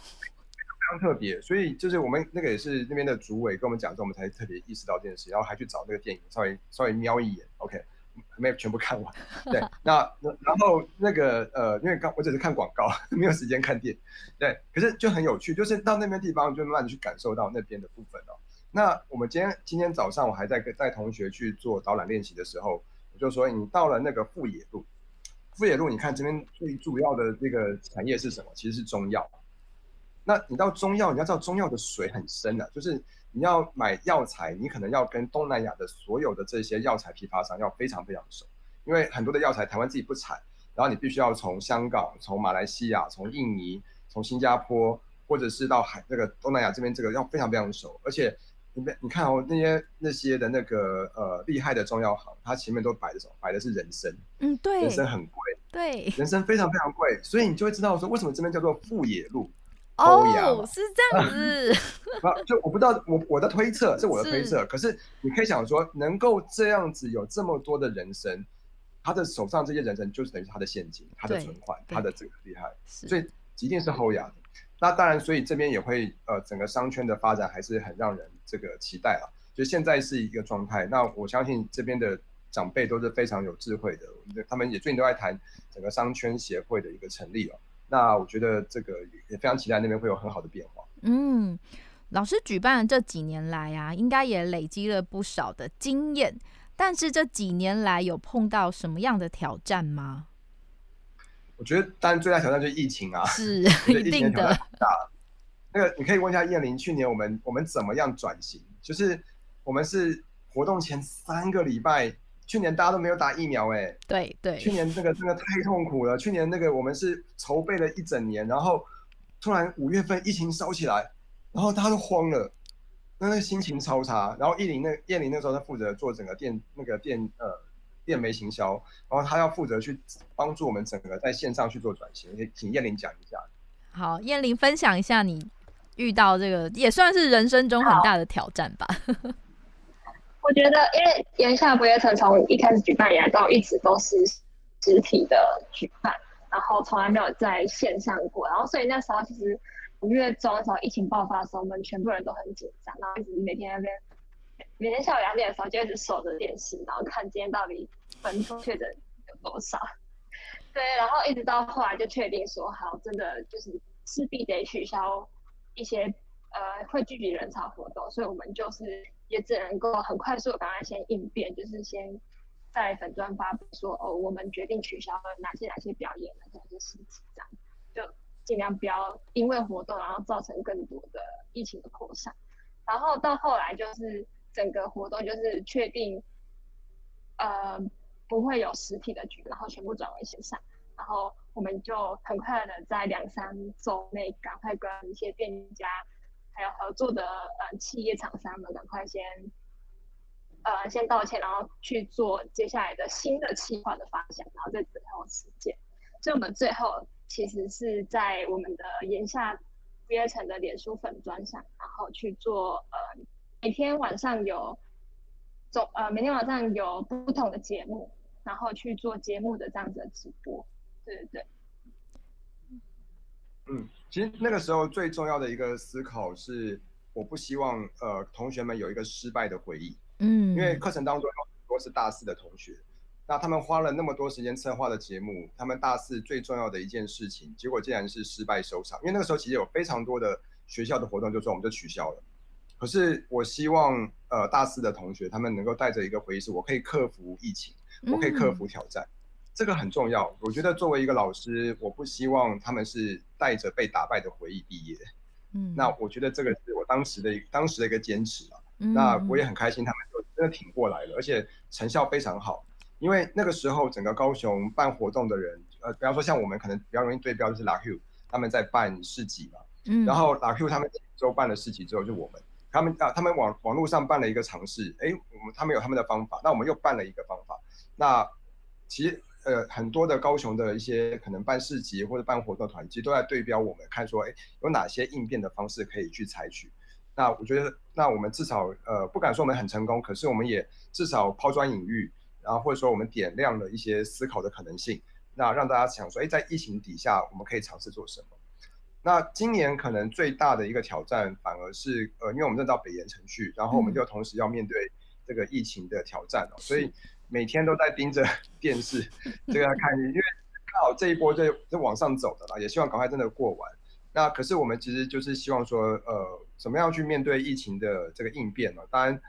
常特別。所以就是我們那個也是那邊的主委跟我們講說，我們才特別意識到這件事，然後還去找那個電影稍微稍微瞄一眼，OK。沒有全部看完，對，那然後那個呃，因為剛我只是看廣告，沒有時間看店，對，可是就很有趣，就是到那邊地方就慢慢去感受到那邊的部分哦。那我們今天今天早上我還在跟帶，帶同學去做導覽練習的時候，我就說你到了那個富野路，富野路你看這邊最主要的這個產業是什麼？其實是中藥。那你到中藥，你要知道中藥的水很深的啊，就是。你要買藥材，你可能要跟東南亞的所有的這些藥材批發商要非常非常熟，因為很多的藥材台灣自己不產，然後你必須要從香港、從馬來西亞、從印尼、從新加坡，或者是到海那個東南亞這邊，這個要非常非常熟。而且，你你看哦，那些那些的那個呃厲害的中藥行，它前面都擺的什麼？擺的是人參。嗯，對。人參很貴。對。人參非常非常貴，所以你就會知道說，為什麼這邊叫做富野路。哦，oh, 厚厚是這樣子。 啊，就我不知道，我我的推測是我的推測，是可是你可以想說，能夠這樣子有這麼多的人參，他的手上這些人參，就等是等於他的現金、他的存款、對他的這個厲害，對所以一定是後牙的。是那當然，所以這邊也會呃，整個商圈的發展還是很讓人這個期待啊。就現在是一個狀態，那我相信這邊的長輩都是非常有智慧的，我覺得他們也最近都在談整個商圈協會的一個成立了、啊。那我覺得這個也非常期待那邊會有很好的變化。嗯，老師舉辦這幾年來啊，應該也累積了不少的經驗。但是這幾年來有碰到什麼樣的挑戰嗎？我覺得當然最大挑戰就是疫情啊，是一定的。那個你可以問一下燕玲，去年我們我們怎麼樣轉型？就是我們是活動前三個禮拜。去年大家都沒有打疫苗哎、欸，對對，去年那個真的，那個、太痛苦了。去年那個我們是籌備了一整年，然後突然五月份疫情燒起來，然後大家都慌了，那那心情超差。然後燕玲那燕玲那時候她負責做整個電那個電呃電媒行銷，然後他要負責去幫助我們整個在線上去做轉型。也請燕玲講一下。好，燕玲分享一下你遇到這個也算是人生中很大的挑戰吧。我覺得，因為鹽夏不夜埕從一開始舉辦以來到一直都是實體的舉辦，然後從來沒有在線上過，然後所以那時候其實五月中的時候疫情爆發的時候，我們全部人都很緊張，然後一直每天那邊每天下午兩點的時候就一直守着電視，然後看今天到底本土確診有多少，對，然後一直到後來就確定說，好，真的就是勢必得取消一些呃會聚集人潮活動，所以我們就是。也只能夠很快速趕快先應變，就是先在粉專發布說哦，我們決定取消了哪些哪些表演哪些事情這樣，就盡量不要因為活動，然後造成更多的疫情的擴散。然後到後來就是整個活動就是確定，呃，不會有實體的局，然後全部轉為線上。然後我們就很快的在兩三週內趕快跟一些店家，還有合作的呃企業廠商們，趕快先呃先道歉，然後去做接下來的新的企劃的方向，然後再等候時間。所以，我們最後其實是在我們的鹽夏不夜埕的臉書粉專上，然後去做呃每天晚上有總呃每天晚上有不同的節目，然後去做節目的這樣子的直播。對對對，嗯。其實那個時候最重要的一個思考是，我不希望呃同學們有一個失敗的回憶。嗯。因為課程當中有很多是大四的同學，那他們花了那麼多時間策劃的節目，他們大四最重要的一件事情，結果竟然是失敗收場。因為那個時候其實有非常多的學校的活動就，就說我們就取消了。可是我希望呃大四的同學他們能夠帶着一個回憶是，我可以克服疫情，嗯、我可以克服挑戰。這個很重要，我覺得作為一個老師，我不希望他們是帶着被打敗的回憶畢業。嗯，那我覺得這個是我當時的、當時的一個堅持了、啊。嗯，那我也很開心，他們就真的挺過來了，而且成效非常好。因為那個時候，整個高雄辦活動的人，呃，比方說像我們可能比較容易對標就是拉 Q，他們在辦市集嘛。嗯，然後拉 Q 他們周辦了市集之後，就我們他們啊，他們網網絡上辦了一個嘗試，哎，我們他們有他們的方法，那我們又辦了一個方法，那其實。呃，很多的高雄的一些可能辦市集或者辦活動團集都在對標我們，看說誒、欸，有哪些應變的方式可以去採取。那我覺得，那我們至少呃不敢說我們很成功，可是我們也至少拋磚引玉，然後或者說我們點亮了一些思考的可能性。那讓大家想說，誒、欸，在疫情底下我們可以嘗試做什麼？那今年可能最大的一個挑戰，反而是呃，因為我們正到北鹽埕區，然後我們就同時要面對這個疫情的挑戰哦，嗯、所以。每天都在盯着電視，這個要看，因為剛好這一波在在往上走的了，也希望趕快真的過完。那可是我們其實就是希望說，呃，怎麼樣去面對疫情的這個應變呢？當然，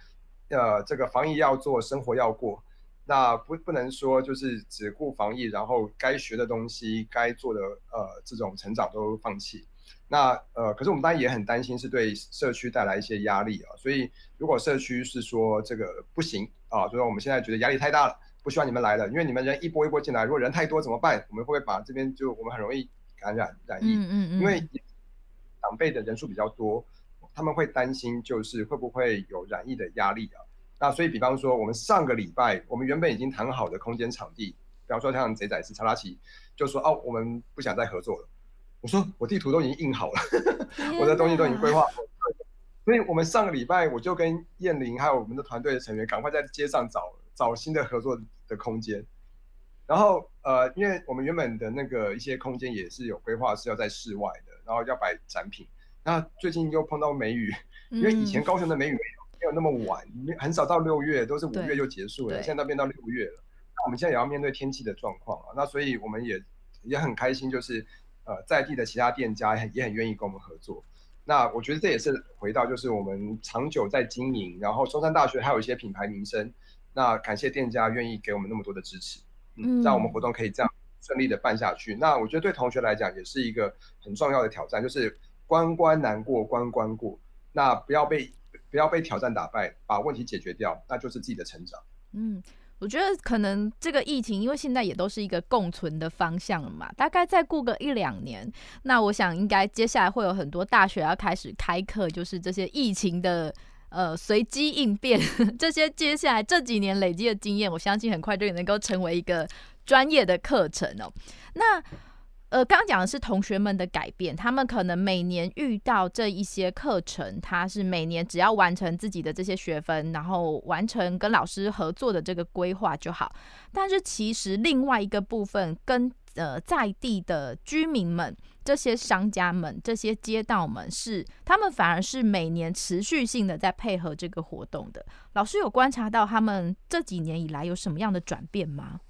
呃，這個防疫要做，生活要過，那不不能說就是只顧防疫，然後該學的東西、該做的呃這種成長都放棄。那呃，可是我們當然也很擔心，是對社區帶來一些壓力啊。所以如果社區是說這個不行啊，就說、是、我們現在覺得壓力太大了，不希望你們來了，因為你們人一波一波進來，如果人太多怎麼辦？我們會不會把這邊就我們很容易感染染疫？嗯嗯嗯。因為長輩的人數比較多，他們會擔心就是會不會有染疫的壓力啊。那所以比方說，我們上個禮拜我們原本已經談好的空間場地，比方說像賊仔是查拉奇，就說哦，我們不想再合作了。我說我地圖都已經印好了， 我的東西都已經規劃好，嗯嗯、所以我們上個禮拜我就跟燕玲還有我們的團隊的成員趕快在街上找找新的合作的空間。然後呃，因為我們原本的那個一些空間也是有規劃是要在室外的，然後要擺展品。那最近又碰到梅雨，因為以前高雄的梅雨沒有那麼晚，嗯、很少到六月，都是五月就結束了。現在都變到六月了，那我們現在也要面對天氣的狀況啊。那所以我們也也很開心，就是。呃，在地的其他店家也很願意跟我們合作，那我覺得這也是回到就是我們長久在經營，然後中山大學還有一些品牌名聲。那感謝店家願意給我們那麼多的支持，嗯，讓我們活動可以這樣順利的辦下去。嗯、那我覺得對同學來講也是一個很重要的挑戰，就是關關難過關關過，那不要被不要被挑戰打敗，把問題解決掉，那就是自己的成長，嗯。我覺得可能這個疫情，因為現在也都是一個共存的方向嘛，大概再過個一兩年，那我想應該接下來會有很多大學要開始開課，就是這些疫情的呃隨機應變呵呵，這些接下來這幾年累積的經驗，我相信很快就能夠成為一個專業的課程哦、喔。那。呃，剛剛講的是同學們的改變，他們可能每年遇到這一些課程，他是每年只要完成自己的這些學分，然後完成跟老師合作的這個規劃就好。但是其實另外一個部分跟，跟呃在地的居民們、這些商家們、這些街道們是，是他們反而是每年持續性的在配合這個活動的。老師有觀察到他們這幾年以來有什麼樣的轉變嗎？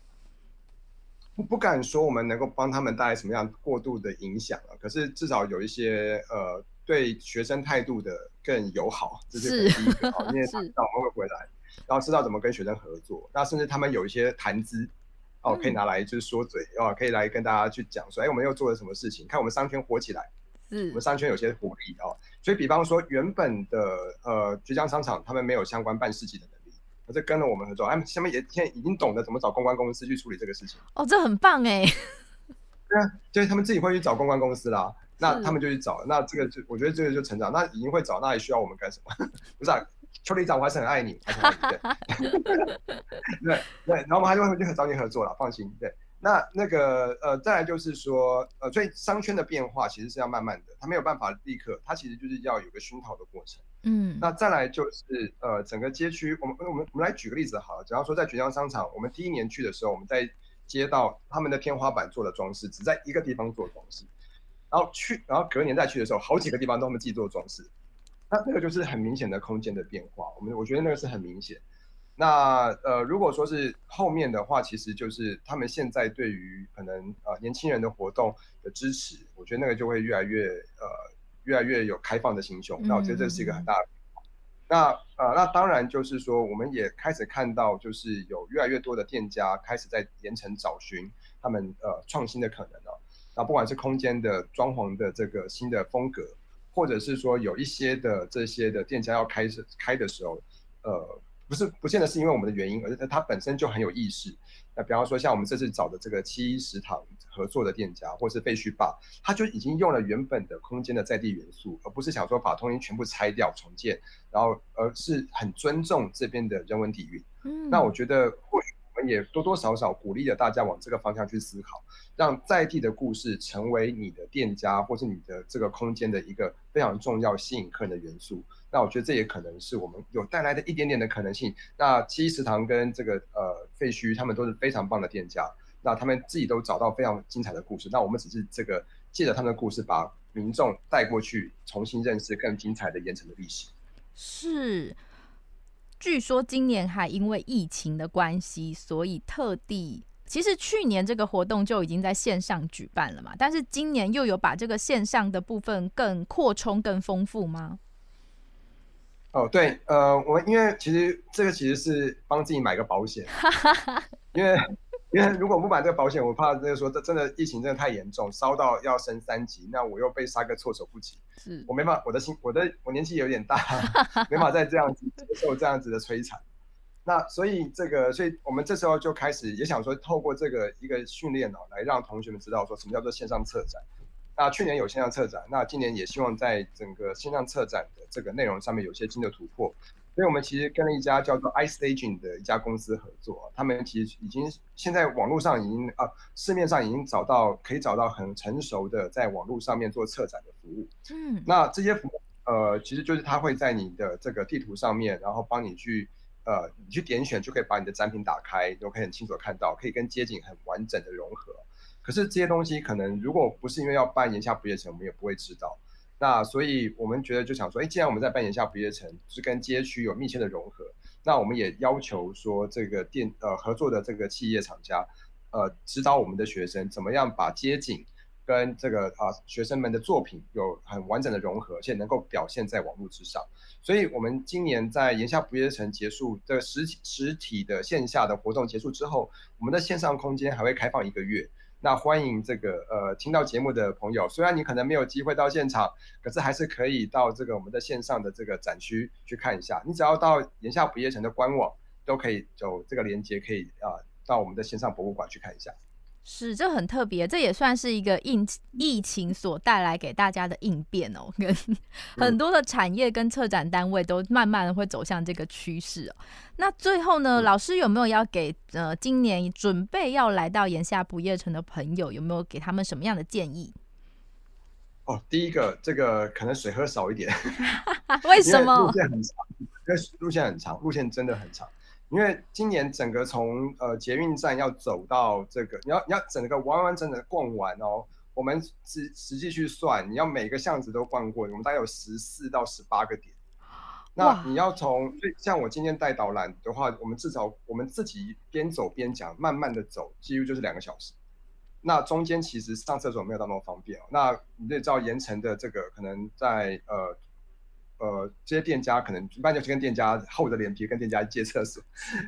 不敢說我們能夠幫他們帶來什麼樣過度的影響啊，可是至少有一些呃，對學生態度的更友好，這是可能第一個，因為知道他們會回來，然後知道怎麼跟學生合作。那甚至他們有一些談資，哦，嗯、可以拿來就是說嘴，哦，可以來跟大家去講說，哎，我們又做了什麼事情，看我們商圈活起來，嗯是，我們商圈有些活力哦。所以，比方說，原本的呃，堀江商場，他們沒有相關辦事情的人。在跟了我們合作，哎，他們下面也現在已經懂得怎麼找公關公司去處理這個事情。哦，這很棒哎。對啊，就是他們自己會去找公關公司啦。是那他們就去找，那這個就我覺得這個就成長。那已經會找，那還需要我們幹什麼？ 不是啊，邱里長，我還是很愛你。 對對，然後我們還是會去找你合作啦，放心。對，那那個呃，再來就是說呃，所以商圈的變化其實是要慢慢的，他沒有辦法立刻，他其實就是要有個熏陶的過程。嗯， 那再來就是呃，整個街區，我們我們我們來舉個例子好了。假如說在堀江商場，我們第一年去的時候，我們在街道他們的天花板做了裝飾，只在一個地方做裝飾，然後去，然後隔年再去的時候，好幾個地方都他們自己做裝飾，那那個就是很明顯的空間的變化。我們我覺得那個是很明顯。那呃，如果說是後面的話，其實就是他們現在對於可能呃年輕人的活動的支持，我覺得那個就會越來越呃。越來越有開放的心胸，那我覺得這是一個很大的、嗯嗯嗯、那呃，那當然就是說，我們也開始看到，就是有越來越多的店家開始在鹽埕找尋他們呃創新的可能了、啊。那不管是空間的裝潢的這個新的風格，或者是說有一些的這些的店家要開始開的時候，呃，不是不見得是因為我們的原因，而是它本身就很有意識。那比方說，像我們這次找的這個七一食堂。合作的店家或是廢墟吧，他就已經用了原本的空間的在地元素，而不是想說把空間全部拆掉重建，然後而是很尊重這邊的人文底蘊。嗯，那我覺得或許我們也多多少少鼓勵了大家往這個方向去思考，讓在地的故事成為你的店家或是你的這個空間的一個非常重要吸引客人的元素。那我覺得這也可能是我們有帶來的一點點的可能性。那七食堂跟這個呃廢墟，他們都是非常棒的店家。他們自己都找到非常精彩的故事，那我們只是這個借着他們的故事，把民眾帶過去，重新認識更精彩的鹽埕的歷史。是，據說今年還因為疫情的關係，所以特地，其實去年這個活動就已經在線上舉辦了嘛，但是今年又有把這個線上的部分更擴充、更豐富嗎？哦，對，呃，我因為其實這個其實是幫自己買個保險， 因為。因為如果不買這個保險，我怕就是說，這真的疫情真的太嚴重，燒到要升三級，那我又被殺個措手不及。是我沒法，我的心，我的我年紀有點大，沒法再這樣接 受這樣子的摧殘。那所以這個，所以我們這時候就開始也想說，透過這個一個訓練呢、哦，來讓同學們知道說什麼叫做線上策展。那去年有線上策展，那今年也希望在整個線上策展的這個內容上面有些新的突破。所以我們其實跟了一家叫做 iStaging 的一家公司合作，他們其實已經現在網絡上已經啊、呃、市面上已經找到可以找到很成熟的在網絡上面做策展的服務。嗯，那這些服務呃其實就是他會在你的這個地圖上面，然後幫你去呃你去點選就可以把你的展品打開，你都可以很清楚看到，可以跟街景很完整的融合。可是這些東西可能如果不是因為要辦鹽夏不夜埕，我們也不會知道。那所以我們覺得就想說，哎，既然我們在辦鹽夏不夜埕，是跟街區有密切的融合，那我們也要求說，這個店呃合作的這個企業廠家，呃指導我們的學生怎麼樣把街景跟這個啊、呃、學生們的作品有很完整的融合，而且能夠表現在網絡之上。所以我們今年在鹽夏不夜埕結束的實實體的線下的活動結束之後，我們的線上空間還會開放一個月。那歡迎這個呃聽到節目的朋友，雖然你可能沒有機會到現場，可是還是可以到這個我們的線上的這個展區去看一下。你只要到鹽夏不夜埕的官網，都可以走這個鏈接，可以啊、呃、到我們的線上博物館去看一下。是，這很特別，這也算是一個疫疫情所帶來給大家的應變哦，跟很多的產業跟策展單位都慢慢會走向這個趨勢哦。那最後呢，嗯、老師有沒有要給呃今年準備要來到鹽夏不夜埕的朋友，有沒有給他們什麼樣的建議？哦，第一個，這個可能水喝少一點， 為什麼？因為路線很長，路線真的很長。因為今年整個從呃捷運站要走到這個，你要你要整個完完整整的逛完哦。我們實實際去算，你要每個巷子都逛過，我們大概有十四到十八個點。那你要從哇像我今天帶導覽的話，我們至少我們自己邊走邊講，慢慢的走，幾乎就是兩個小時。那中間其實上廁所沒有那麼方便哦。那你就知道鹽埕的這個可能在呃。呃，這些店家可能一般就是跟店家厚着臉皮跟店家借廁所，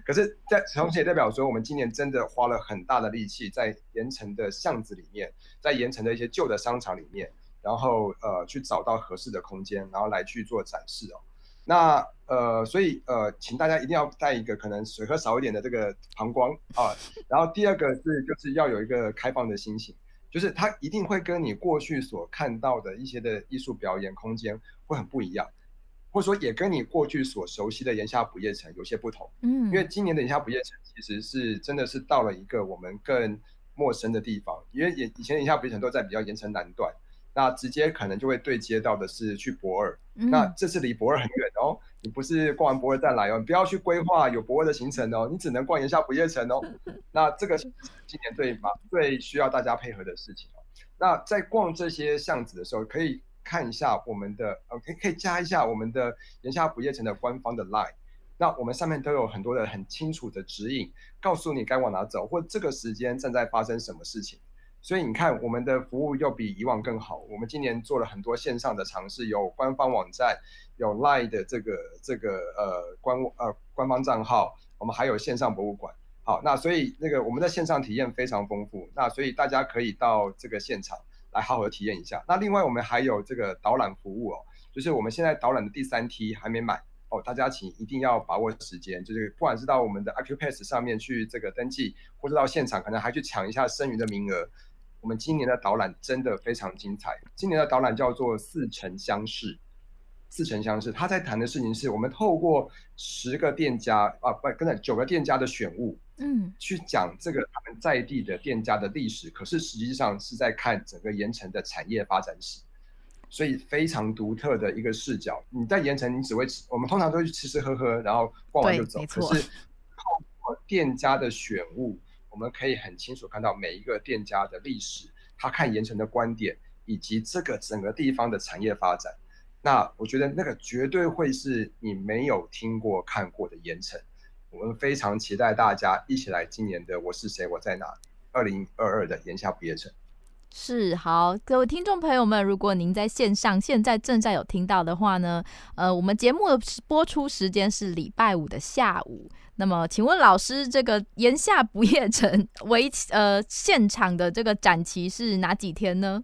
可是在同時也代表說，我們今年真的花了很大的力氣，在鹽埕的巷子裡面，在鹽埕的一些舊的商場裡面，然後呃去找到合適的空間，然後來去做展示哦。那呃，所以呃，請大家一定要帶一個可能水喝少一點的這個膀胱啊。然後第二個是就是要有一個開放的心情，就是它一定會跟你過去所看到的一些的藝術表演空間會很不一樣。或者說，也跟你過去所熟悉的鹽夏不夜埕有些不同。嗯，因為今年的鹽夏不夜埕其實是真的是到了一個我們更陌生的地方。因為以以前的鹽夏不夜埕都在比較鹽埕南段，那直接可能就會對接到的是去駁二。嗯、那這是離駁二很遠哦，你不是逛完駁二再來哦，你不要去規劃有駁二的行程哦，你只能逛鹽夏不夜埕哦。 那這個是今年最嘛最需要大家配合的事情哦。那在逛這些巷子的時候，可以。看一下我們的，OK，可以加一下我們的“鹽夏不夜埕”的官方的 Line。那我們上面都有很多的很清楚的指引，告訴你該往哪走，或這個時間正在發生什麼事情。所以你看，我們的服務又比以往更好。我們今年做了很多線上的嘗試，有官方網站，有 Line 的這個這個呃官呃官方賬號，我們還有線上博物館。好，那所以那個我們的線上體驗非常豐富。那所以大家可以到這個現場。來好好的體驗一下。那另外我們還有這個導覽服務哦，就是我們現在導覽的第三梯還沒滿哦，大家請一定要把握時間，就是不管是到我們的 ACCUPASS 上面去這個登記，或者到現場可能還去搶一下剩餘的名額。我們今年的導覽真的非常精彩，今年的導覽叫做四成《似曾相識》，《似曾相識》他在談的事情是我們透過十個店家啊，不，剛才九個店家的選物。嗯，去講這個他們在地的店家的歷史，可是實際上是在看整個鹽埕的產業發展史，所以非常獨特的一個視角。你在鹽埕，你只會吃，我們通常都去吃吃喝喝，然後逛完就走。對，沒錯。可是透過店家的選物，我們可以很清楚看到每一個店家的歷史，他看鹽埕的觀點，以及這個整個地方的產業發展。那我覺得那個絕對會是你沒有聽過看過的鹽埕。我們非常期待大家一起來今年的《我是誰，我在哪2022》二零二二的鹽夏不夜埕。是好，各位聽眾朋友們，如果您在線上現在正在有聽到的話呢，呃，我們節目的播出時間是禮拜五的下午。那麼，請問老師，這個鹽夏不夜埕為呃，現場的這個展期是哪幾天呢？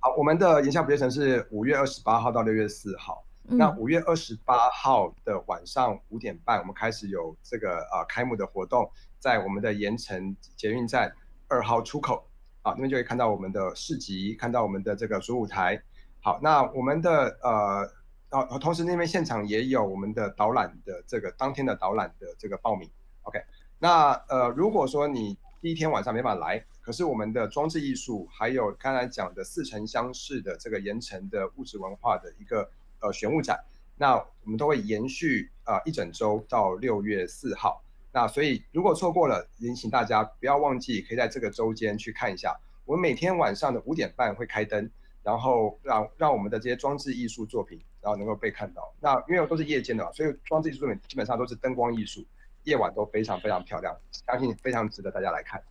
好，我們的鹽夏不夜埕是五月二十八號到六月四號。那五月二十八號的晚上五點半，嗯、我們開始有這個呃開幕的活動，在我們的鹽埕捷運站二號出口啊，那邊就會看到我們的市集，看到我們的這個主舞台。好，那我們的呃，呃、啊、同時那邊現場也有我們的導覽的這個當天的導覽的這個報名。OK，那呃，如果說你第一天晚上沒法來，可是我們的裝置藝術還有剛才講的似曾相識的這個鹽埕的物質文化的一個。呃，選物展，那我們都會延續呃一整周到六月四號，那所以如果錯過了，也請大家不要忘記，可以在這個周間去看一下。我們每天晚上的五點半會開燈，然後讓讓我們的這些裝置藝術作品，然後能夠被看到。那因為都是夜間的，所以裝置藝術作品基本上都是燈光藝術，夜晚都非常非常漂亮，相信非常值得大家來看。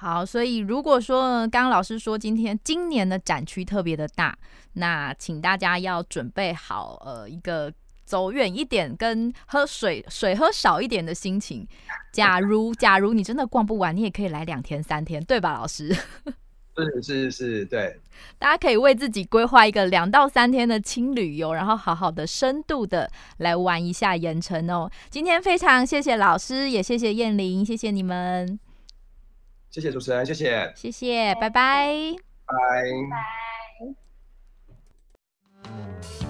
好，所以如果說剛剛老師說今天今年的展區特別的大，那請大家要準備好，呃，一個走遠一點、跟喝水、水喝少一點的心情。假如假如你真的逛不完，你也可以來兩天三天，對吧？老師，是是是，對，大家可以為自己規劃一個兩到三天的輕旅遊，然後好好的深度的來玩一下鹽埕哦。今天非常謝謝老師，也謝謝燕玲，謝謝你們。謝謝主持人，謝謝，謝謝，拜拜，拜拜，拜拜。